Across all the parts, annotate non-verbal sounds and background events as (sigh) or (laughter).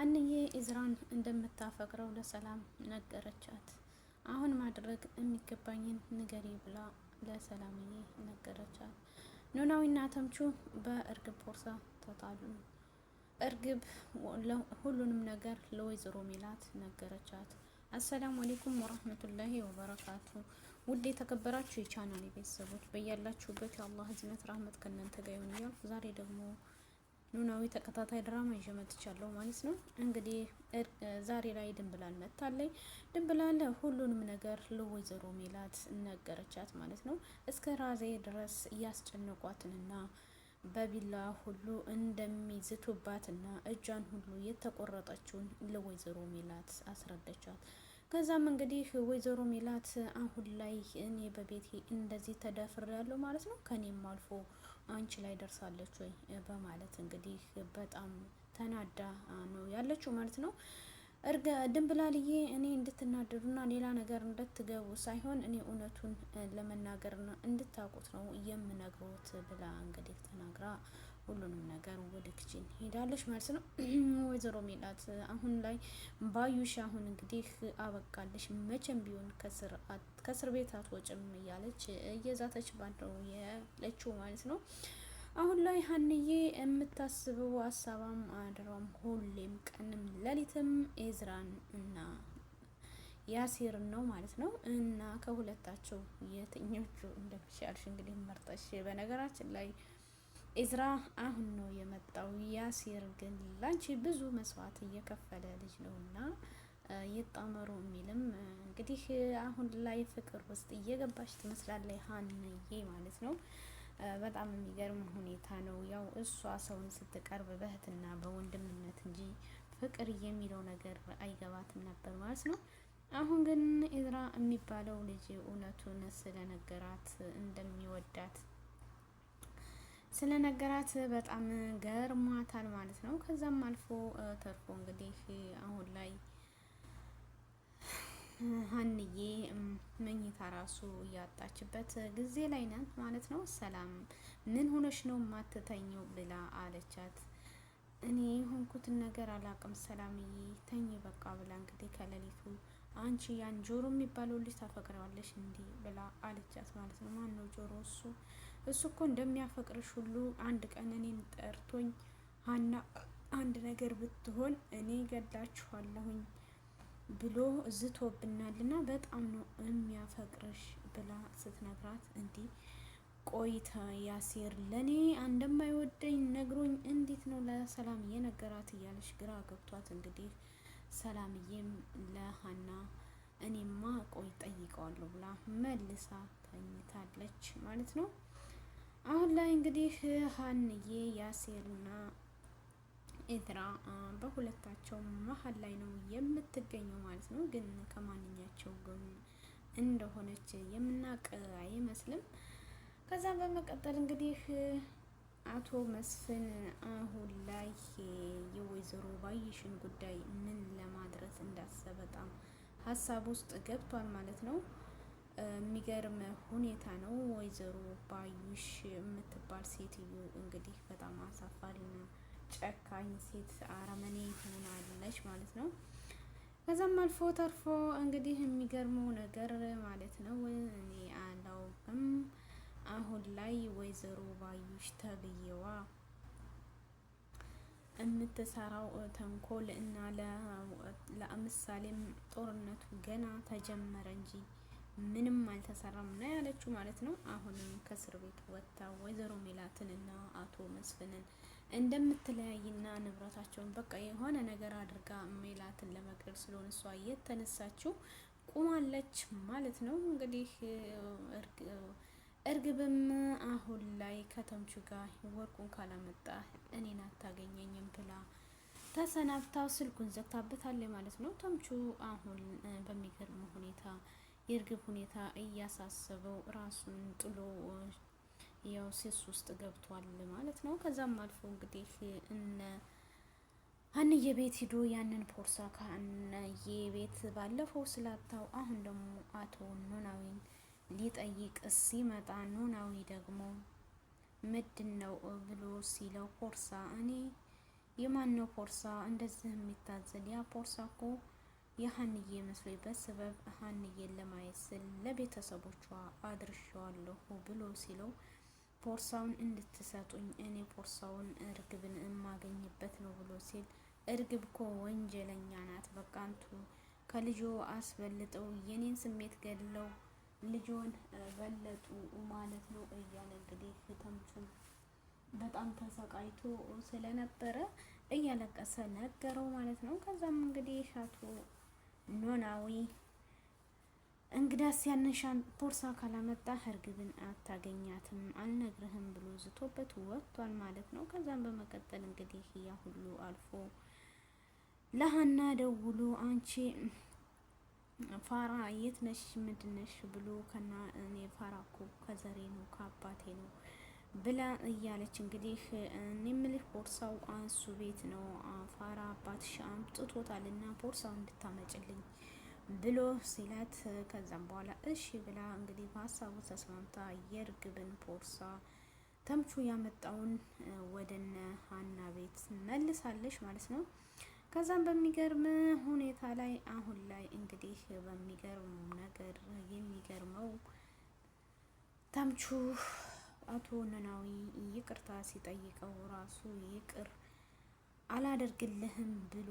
አንዬ ኢዝራን እንደምታፈቅረው ለሰላም ነገረቻት። አሁን ማድረግ የሚገባኝን ንገሪ ብላ ለሰላምዬ ነገረቻት። ኖላዊና ተምቹ በእርግብ ቦርሳ ተጣሉ። እርግብ ሁሉንም ነገር ለወይዘሮ ሜላት ነገረቻት። አሰላሙ አሌይኩም ወራህመቱላሂ ወበረካቱ። ውድ የተከበራችሁ የቻናል ቤተሰቦች በያላችሁበት የአላህ ህዝነት ራህመት ከእናንተ ጋር ይሁን እያልኩ ዛሬ ደግሞ ኖላዊ ተከታታይ ድራማ ይዤ መጥቻለሁ ማለት ነው። እንግዲህ ዛሬ ላይ ድንብላል መታለኝ። ድንብላል ሁሉንም ነገር ለወይዘሮ ሜላት ነገረቻት ማለት ነው። እስከ ራዜ ድረስ እያስጨነቋትንና በቢላ ሁሉ እንደሚዝቱባትና እጇን ሁሉ የተቆረጠችውን ለወይዘሮ ሜላት አስረደቻት። ከዛም እንግዲህ ወይዘሮ ሜላት አሁን ላይ እኔ በቤቴ እንደዚህ ተደፍሬያለሁ ማለት ነው ከኔም አልፎ አንቺ ላይ ደርሳለች ወይ በማለት እንግዲህ በጣም ተናዳ ነው ያለችው ማለት ነው። እርገ ድንብላልዬ እኔ እንድትናደዱና ሌላ ነገር እንድትገቡ ሳይሆን እኔ እውነቱን ለመናገርና እንድታውቁት ነው የምነግሮት ብላ እንግዲህ ተናግራ ሁሉንም ነገር ወደ ክችን ሄዳለች ማለት ነው። (clears throat) ወይዘሮ ሜላት አሁን ላይ ባዩሽ አሁን እንግዲህ አበቃለሽ፣ መቼም ቢሆን ከእስር ቤት አትወጭም እያለች እየዛተች ባለው ያለችው ማለት ነው። አሁን ላይ ሀንዬ የምታስበው ሀሳባም አድሯም ሁሌም ቀንም ሌሊትም ኤዝራን እና ያሲር ነው ማለት ነው። እና ከሁለታቸው የትኞቹ እንደሚሻልሽ እንግዲህ መርጠሽ በነገራችን ላይ ኤዝራ አሁን ነው የመጣው። ያሲር ግን ላንቺ ብዙ መስዋዕት እየከፈለ ልጅ ነውና ይጣመሩ የሚልም እንግዲህ አሁን ላይ ፍቅር ውስጥ እየገባች ትመስላለች ሀንዬ ማለት ነው። በጣም የሚገርም ሁኔታ ነው። ያው እሷ ሰውን ስትቀርብ በእህትና በወንድምነት እንጂ ፍቅር የሚለው ነገር አይገባትም ነበር ማለት ነው። አሁን ግን ኤዝራ የሚባለው ልጅ እውነቱን ስለነገራት እንደሚወዳት ስለነገራት በጣም ገርሟታል ማለት ነው። ከዛም አልፎ ተርፎ እንግዲህ አሁን ላይ ሀንዬ መኝታ ራሱ እያጣችበት ጊዜ ላይ ነን ማለት ነው። ሰላም ምን ሆነሽ ነው ማትተኘው ብላ አለቻት። እኔ የሆንኩትን ነገር አላቅም ሰላምዬ፣ ተኝ በቃ ብላ እንግዲህ ከሌሊቱ አንቺ ያን ጆሮ የሚባለው ልጅ ታፈቅረዋለሽ እንዲህ ብላ አለቻት ማለት ነው። ነው ጆሮ እሱ እሱ እኮ እንደሚያፈቅርሽ ሁሉ አንድ ቀን እኔን ጠርቶኝ ሀና አንድ ነገር ብትሆን እኔ ገዳችኋለሁኝ ብሎ ዝቶብናልና በጣም ነው የሚያፈቅርሽ ብላ ስትነግራት እንዲህ ቆይታ ያሴር ለእኔ እንደማይወደኝ ነግሮኝ እንዴት ነው ለሰላም የነገራት እያለች ግራ ገብቷት እንግዲህ ሰላምዬም ለሀና እኔማ ቆይ ጠይቀዋለሁ ብላ መልሳ ተኝታለች ማለት ነው። አሁን ላይ እንግዲህ ሀንዬ ያሴርና ኤድራ በሁለታቸው መሀል ላይ ነው የምትገኘው ማለት ነው። ግን ከማንኛቸው ጎን እንደሆነች የምናቅ አይመስልም። ከዛም በመቀጠል እንግዲህ አቶ መስፍን አሁን ላይ የወይዘሮ ባይሽን ጉዳይ ምን ለማድረስ እንዳሰበ በጣም ሀሳብ ውስጥ ገብቷል ማለት ነው። የሚገርም ሁኔታ ነው። ወይዘሮ ባዩሽ የምትባል ሴትዮ እንግዲህ በጣም አሳፋሪና ጨካኝ ሴት አረመኔ ሆናለች ማለት ነው። ከዛም አልፎ ተርፎ እንግዲህ የሚገርመው ነገር ማለት ነው እኔ አላውቅም አሁን ላይ ወይዘሮ ባዩሽ ተብዬዋ የምትሰራው ተንኮል እና ለምሳሌም ጦርነቱ ገና ተጀመረ እንጂ ምንም አልተሰራም ነው ያለችው ማለት ነው። አሁንም ከእስር ቤት ወጥታ ወይዘሮ ሜላትንና አቶ መስፍንን እንደምትለያይና ንብረታቸውን በቃ የሆነ ነገር አድርጋ ሜላትን ለመቅረብ ስለሆነ እሷ እየተነሳችው ቁማለች ማለት ነው። እንግዲህ እርግብም አሁን ላይ ከተምቹ ጋር ወርቁን ካላመጣ እኔን አታገኘኝም ብላ ተሰናብታ ስልኩን ዘግታበታለች ማለት ነው። ተምቹ አሁን በሚገርም ሁኔታ የእርግብ ሁኔታ እያሳሰበው ራሱን ጥሎ ያው ሴስ ውስጥ ገብቷል ማለት ነው። ከዛም አልፎ እንግዲህ እነ አንዬ ቤት ሂዶ ያንን ፖርሳ ከአንዬ ቤት ባለፈው ስላታው አሁን ደግሞ አቶ ኖናዊን ሊጠይቅ ሲመጣ ኖናዊ ደግሞ ምንድን ነው ብሎ ሲለው ፖርሳ እኔ የማን ነው ፖርሳ እንደዚህ የሚታዘል ያ ፖርሳ ኮ የሀንዬ መስሎኝ በሰበብ ሀንዬን ለማየት ስል ለቤተሰቦቿ አድርሻዋለሁ ብሎ ሲለው ቦርሳውን እንድትሰጡኝ እኔ ቦርሳውን እርግብን የማገኝበት ነው ብሎ ሲል እርግብ ኮ ወንጀለኛ ናት። በቃ አንቱ ከልጆ አስበልጠው የኔን ስሜት ገድለው ልጆን በለጡ ማለት ነው እያለ እንግዲህ ተምቹም በጣም ተሰቃይቶ ስለነበረ እያለቀሰ ነገረው ማለት ነው። ከዛም እንግዲህ ሻቱ ኖላዊ እንግዳስ ያንን ቦርሳ ካላመጣ እርግብን አታገኛትም አልነግርህም ብሎ ዝቶበት ወጥቷል ማለት ነው። ከዛም በመቀጠል እንግዲህ ያ ሁሉ አልፎ ለሀና ደውሎ አንቺ ፋራ የት ነሽ? ምንድን ብሎ ከና እኔ ፋራ እኮ ከዘሬ ነው ከአባቴ ነው ብላ እያለች እንግዲህ የምልህ ቦርሳው አንሱ ቤት ነው አፋራ አባትሽ አምጥቶታልና ቦርሳው እንድታመጭልኝ ብሎ ሲላት፣ ከዛም በኋላ እሺ ብላ እንግዲህ በሀሳቡ ተስማምታ የእርግብን ቦርሳ ተምቹ ያመጣውን ወደነ ሀና ቤት መልሳለች ማለት ነው። ከዛም በሚገርም ሁኔታ ላይ አሁን ላይ እንግዲህ በሚገርም ነገር የሚገርመው ተምቹ አቶ ኖላዊ ይቅርታ ሲጠይቀው ራሱ ይቅር አላደርግልህም ብሎ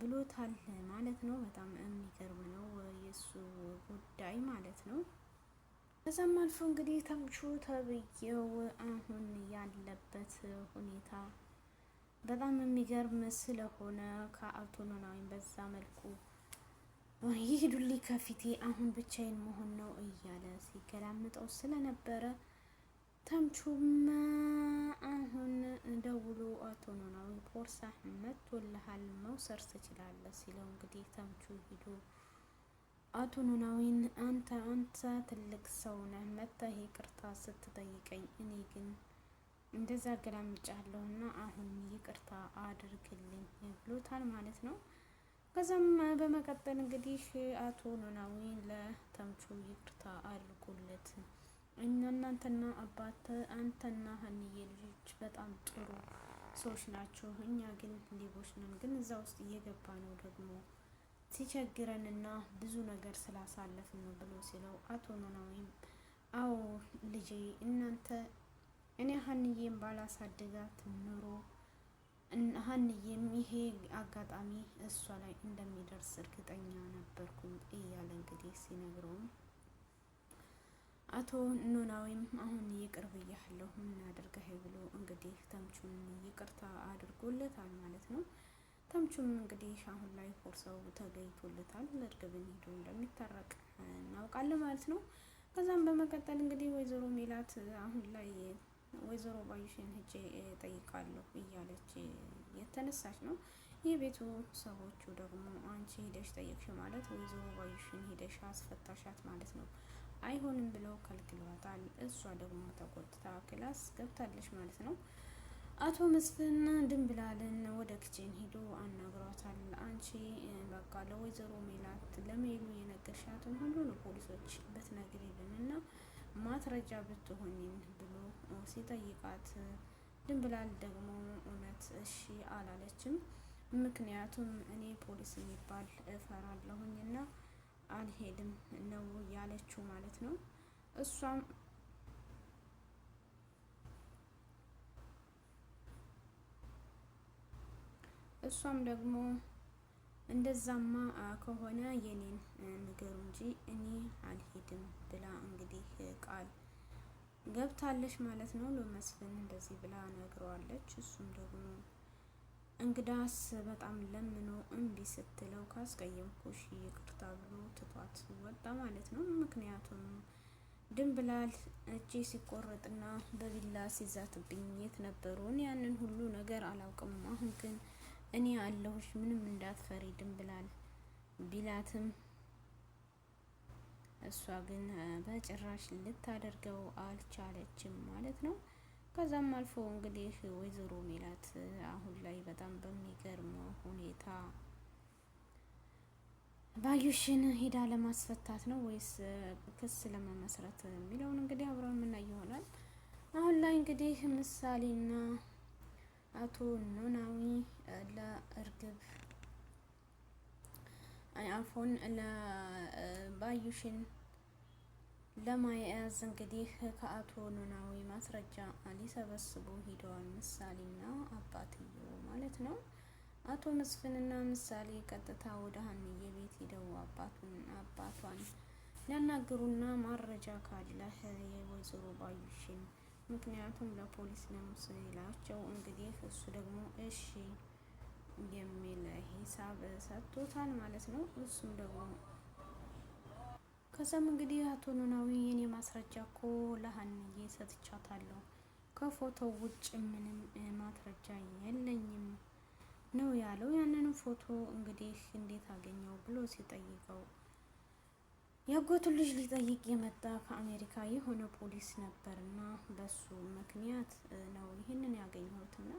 ብሎታል ማለት ነው። በጣም የሚገርም ነው የእሱ ጉዳይ ማለት ነው። ከዛም አልፎ እንግዲህ ተምቹ ተብዬው አሁን ያለበት ሁኔታ በጣም የሚገርም ስለሆነ ከአቶ ኖላዊ በዛ መልኩ ይሄዱልኝ ከፊቴ አሁን ብቻዬን መሆን ነው እያለ ሲገላምጠው ስለነበረ ተምቹም አሁን ደውሎ አቶ ኖላዊ ቦርሳ መጥቶልሃል መውሰድ ትችላለህ ሲለው እንግዲህ ተምቹ ሂዶ አቶ ኖላዊን አንተ አንተ ትልቅ ሰው ነህ መጥተህ ይቅርታ ስትጠይቀኝ እኔ ግን እንደዛ አገላምጫለሁ እና አሁን ይቅርታ አድርግልኝ ብሎታል ማለት ነው። ከዛም በመቀጠል እንግዲህ አቶ ኖላዊን ለተምቹ ይቅርታ አድርጎለት እኛ እናንተና አባት አንተና ሀንዬ ልጆች በጣም ጥሩ ሰዎች ናቸው። እኛ ግን ሌቦች ነን። ግን እዛ ውስጥ እየገባ ነው ደግሞ ሲቸግረን እና ብዙ ነገር ስላሳለፍን ነው ብሎ ሲለው አቶ ኖላዊም አዎ ልጄ እናንተ እኔ ሀንዬም ባላሳድጋት ኑሮ ሀንዬም ይሄ አጋጣሚ እሷ ላይ እንደሚደርስ እርግጠኛ ነበርኩኝ እያለ እንግዲህ ሲነግረውም አቶ ኖላዊም አሁን ይቅር ብያለሁ ምን አድርገህ ብሎ እንግዲህ ተምቹን ይቅርታ አድርጎለታል ማለት ነው። ተምቹም እንግዲህ አሁን ላይ ፎርሰው ተገኝቶለታል። እርግብን ሄዶ እንደሚታረቅ እናውቃለን ማለት ነው። ከዛም በመቀጠል እንግዲህ ወይዘሮ ሜላት አሁን ላይ ወይዘሮ ባዩሽን ሄጄ ጠይቃለሁ እያለች የተነሳች ነው። የቤቱ ሰዎቹ ደግሞ አንቺ ሂደሽ ጠየቅሽ ማለት ወይዘሮ ባዩሽን ሂደሽ አስፈታሻት ማለት ነው አይሆንም ብለው ከልክለዋታል። እሷ ደግሞ ተቆጥታ ክላስ ገብታለች ማለት ነው። አቶ መስፍን ብላለን ወደ ክቼን ሄዶ አናግሯታል። አንቺ በቃ ለወይዘሮ ሜላት ለሜሉ የነገርሻትን ሁሉ ለፖሊሶች ብትነግሪልንና ማስረጃ ብትሆኝን ብሎ ሲጠይቃት ድንብላል ደግሞ እውነት እሺ አላለችም። ምክንያቱም እኔ ፖሊስ የሚባል እፈራለሁኝና አልሄድም ነው ያለችው ማለት ነው። እሷም እሷም ደግሞ እንደዛማ ከሆነ የኔን ንገሩ እንጂ እኔ አልሄድም ብላ እንግዲህ ቃል ገብታለች ማለት ነው። ለመስፍን እንደዚህ ብላ ነግረዋለች። እሱም ደግሞ እንግዳስ በጣም ለምኖ እምቢ ስትለው ካስቀየምኩሽ ይቅርታ ብሎ ትቷት ወጣ ማለት ነው። ምክንያቱም ድንብላል እጅ ሲቆረጥና በቢላ ሲዛትብኝ የት ነበሩን? ያንን ሁሉ ነገር አላውቅም። አሁን ግን እኔ አለሁሽ ምንም እንዳትፈሪ ድንብላል ቢላትም እሷ ግን በጭራሽ ልታደርገው አልቻለችም ማለት ነው። ከዛም አልፎ እንግዲህ ወይዘሮ ሜላት አሁን ላይ በጣም በሚገርም ሁኔታ ባዩሽን ሄዳ ለማስፈታት ነው ወይስ ክስ ለመመስረት የሚለውን እንግዲህ አብረን የምናይ ይሆናል። አሁን ላይ እንግዲህ ምሳሌና አቶ ኖላዊ ለእርግብ አፎን ለባዩሽን ለማያያዝ እንግዲህ ከአቶ ኖላዊ ማስረጃ ሊሰበስቡ ሂደዋል። ምሳሌና አባትየው ማለት ነው። አቶ መስፍንና ምሳሌ ቀጥታ ወደ ሀንዬ ቤት ሂደው አባቱን አባቷን ሊያናግሩና ማረጃ ካለህ የወይዘሮ ባዩሽን ምክንያቱም ለፖሊስ ነው ሲላቸው እንግዲህ እሱ ደግሞ እሺ የሚል ሂሳብ ሰጥቶታል ማለት ነው። እሱም ደግሞ ከዛም እንግዲህ አቶ ኖላዊ የኔ ማስረጃ እኮ ለሀንዬ ሰጥቻታለሁ፣ ከፎቶ ውጭ ምንም ማስረጃ የለኝም ነው ያለው። ያንንም ፎቶ እንግዲህ እንዴት አገኘው ብሎ ሲጠይቀው ያጎቱ ልጅ ሊጠይቅ የመጣ ከአሜሪካ የሆነ ፖሊስ ነበርና በሱ ምክንያት ነው ይህንን ያገኘሁትና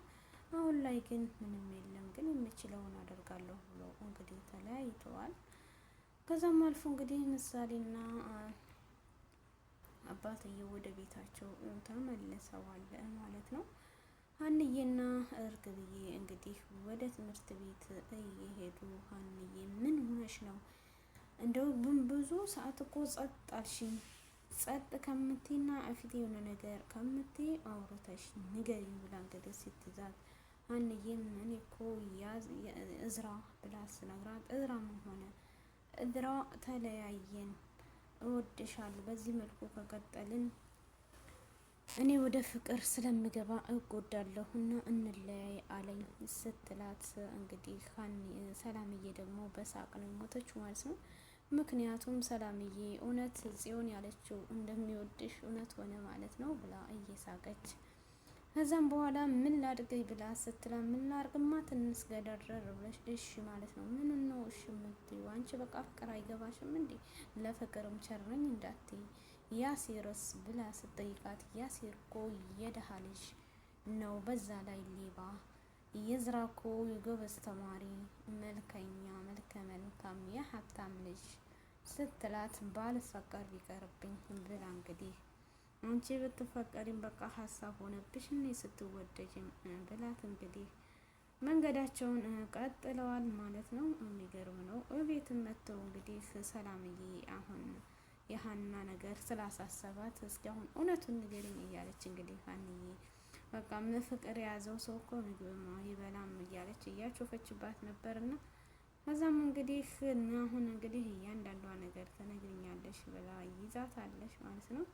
አሁን ላይ ግን ምንም የለም፣ ግን የምችለውን አደርጋለሁ ብሎ እንግዲህ ተለያይተዋል። ከዛም አልፎ እንግዲህ ምሳሌና አባትየው ወደ ቤታቸው ተመልሰዋል ማለት ነው። ሀንዬና እርግብዬ እንግዲህ ወደ ትምህርት ቤት እየሄዱ ሀንዬ ምን ሆነሽ ነው? እንደው ግን ብዙ ሰዓት እኮ ጸጥ አልሽኝ። ጸጥ ከምቴና እፊት የሆነ ነገር ከምቴ አውርተሽ ንገሪ ብላ እንግዲህ ስትዛት ሀንዬም ምን እኮ እዝራ ብላ ስነግራት እዝራ ምን ሆነ እዝራ ተለያየን፣ እወድሻለሁ። በዚህ መልኩ ከቀጠልን እኔ ወደ ፍቅር ስለምገባ እጎዳለሁ እና እንለያይ አለኝ ስትላት እንግዲህ ሰላምዬ ደግሞ በሳቅ ነው ሞተች ማለት ነው። ምክንያቱም ሰላምዬ እውነት ጽዮን ያለችው እንደሚወድሽ እውነት ሆነ ማለት ነው ብላ እየሳቀች ከዛም በኋላ ምን ላድርግ ብላ ስትላ ምን ላድርግማ ትንስ ገደረር ብለሽ እሺ ማለት ነው ምን አንቺ በቃ ፍቅር አይገባሽም እንዴ ለፍቅርም ቸርነኝ እንዳትይ ያሴርስ ብላ ስትጠይቃት ያሴር እኮ የደሃ ልጅ ነው፣ በዛ ላይ ሌባ። የዝራ እኮ የጎበዝ ተማሪ፣ መልከኛ፣ መልከ መልካም የሀብታም ልጅ ስትላት ባልፈቀር ቢቀርብኝ ብላ እንግዲህ አንቺ ብትፈቀሪም በቃ ሀሳብ ሆነብሽ እኔ ስትወደጅም ብላት እንግዲህ መንገዳቸውን ቀጥለዋል ማለት ነው። የሚገርም ነው። እቤትም መጥተው እንግዲህ ሰላምዬ አሁን የሀና ነገር ስላሳሰባት እስኪ አሁን እውነቱን ንገሪኝ እያለች እንግዲህ ሀንዬ በቃ ምን ፍቅር የያዘው ሰው እኮ ምግብ ይበላም እያለች እያቾፈችባት ነበርና ከዛም እንግዲህ አሁን እንግዲህ እያንዳንዷ ነገር ትነግሪኛለሽ ብላ ይዛታለች ማለት ነው።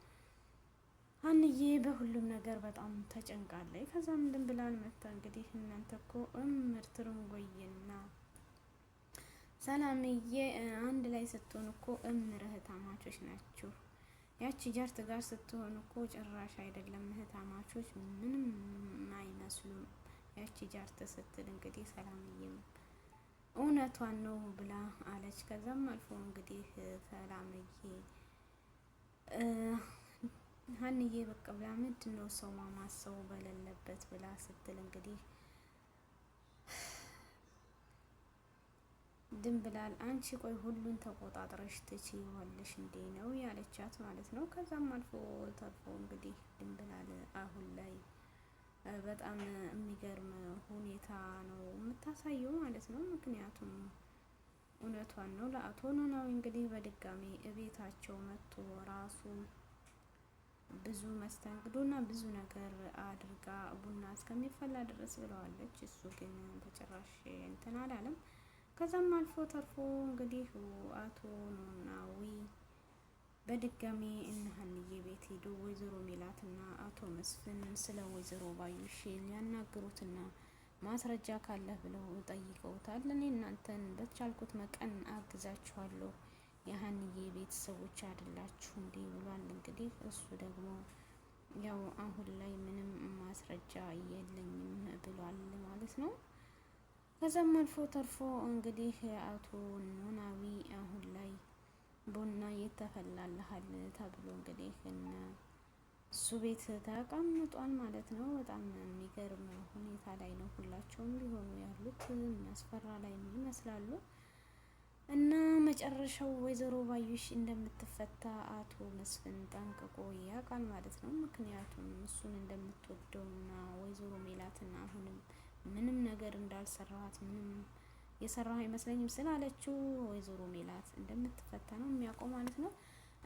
አንዬ በሁሉም ነገር በጣም ተጨንቃለች። ከዛ ምንድን ብላን መታ እንግዲህ እናንተ እኮ እምርት ርንጎዬና ሰላምዬ አንድ ላይ ስትሆን እኮ እምርህ ታማቾች ናችሁ። ያቺ ጀርት ጋር ስትሆን እኮ ጭራሽ አይደለም እህታማቾች ምንም አይመስሉም። ያቺ ጃርት ስትል እንግዲህ ሰላምዬም እውነቷን ነው ብላ አለች። ከዛም አልፎ እንግዲህ ሰላምዬ ሀንዬ በቃ ምንድን ነው ሰው ማማሰው ሰው በሌለበት ብላ ስትል እንግዲህ ድንብላል አንቺ ቆይ ሁሉን ተቆጣጥረሽ ትችይዋለሽ እንዴ ነው ያለቻት ማለት ነው። ከዛም አልፎ ተርፎ እንግዲህ ድንብላል አሁን ላይ በጣም የሚገርም ሁኔታ ነው የምታሳየው ማለት ነው። ምክንያቱም እውነቷን ነው። ለአቶ ኖላዊ እንግዲህ በድጋሚ እቤታቸው መጥቶ ራሱን ብዙ መስተንግዶና ብዙ ነገር አድርጋ ቡና እስከሚፈላ ድረስ ብለዋለች። እሱ ግን በጭራሽ እንትን አላለም። ከዛም አልፎ ተርፎ እንግዲህ አቶ ኖላዊ በድጋሚ እነ ቤት ሄዶ ወይዘሮ ሜላትና አቶ መስፍን ስለ ወይዘሮ ባዩሽ ሊያናግሩትና ማስረጃ ካለህ ብለው ጠይቀውታል። እኔ እናንተን በቻልኩት መቀን አግዛችኋለሁ የሀንዬ ቤተሰቦች አይደላችሁ እንዴ ብሏል። እንግዲህ እሱ ደግሞ ያው አሁን ላይ ምንም ማስረጃ የለኝም ብሏል ማለት ነው። ከዛም አልፎ ተርፎ እንግዲህ አቶ ኖላዊ አሁን ላይ ቡና ይተፈላልሃል ተብሎ እንግዲህ እና እሱ ቤት ተቀምጧል ማለት ነው። በጣም የሚገርም ሁኔታ ላይ ነው ሁላቸውም ሊሆኑ ያሉት። የሚያስፈራ ላይ ይመስላሉ። እና መጨረሻው ወይዘሮ ባዩሽ እንደምትፈታ አቶ መስፍን ጠንቅቆ ያውቃል ማለት ነው። ምክንያቱም እሱን እንደምትወደውና ወይዘሮ ሜላትን አሁንም ምንም ነገር እንዳልሰራት ምንም የሰራ አይመስለኝም ስላለችው ወይዘሮ ሜላት እንደምትፈታ ነው የሚያውቀው ማለት ነው።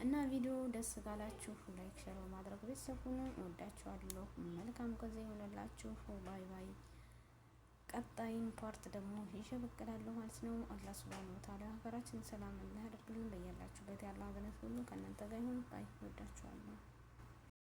እና ቪዲዮ ደስ ካላችሁ ላይክ፣ ሸር በማድረግ ቤተሰቡን እወዳችኋለሁ። መልካም ጊዜ ይሆንላችሁ። ባይ ባይ። ቀጣይን ፓርት ደግሞ ይዤ ብቅ እላለሁ ማለት ነው። አላህ ሱብሃነሁ ወተዓላ ሀገራችን ሰላም እንዲያደርግልን ያደርግልን። በያላችሁበት ያለ ሀገነት ሁሉ ከእናንተ ጋር ይሁን። ባይ ወዳችኋለሁ።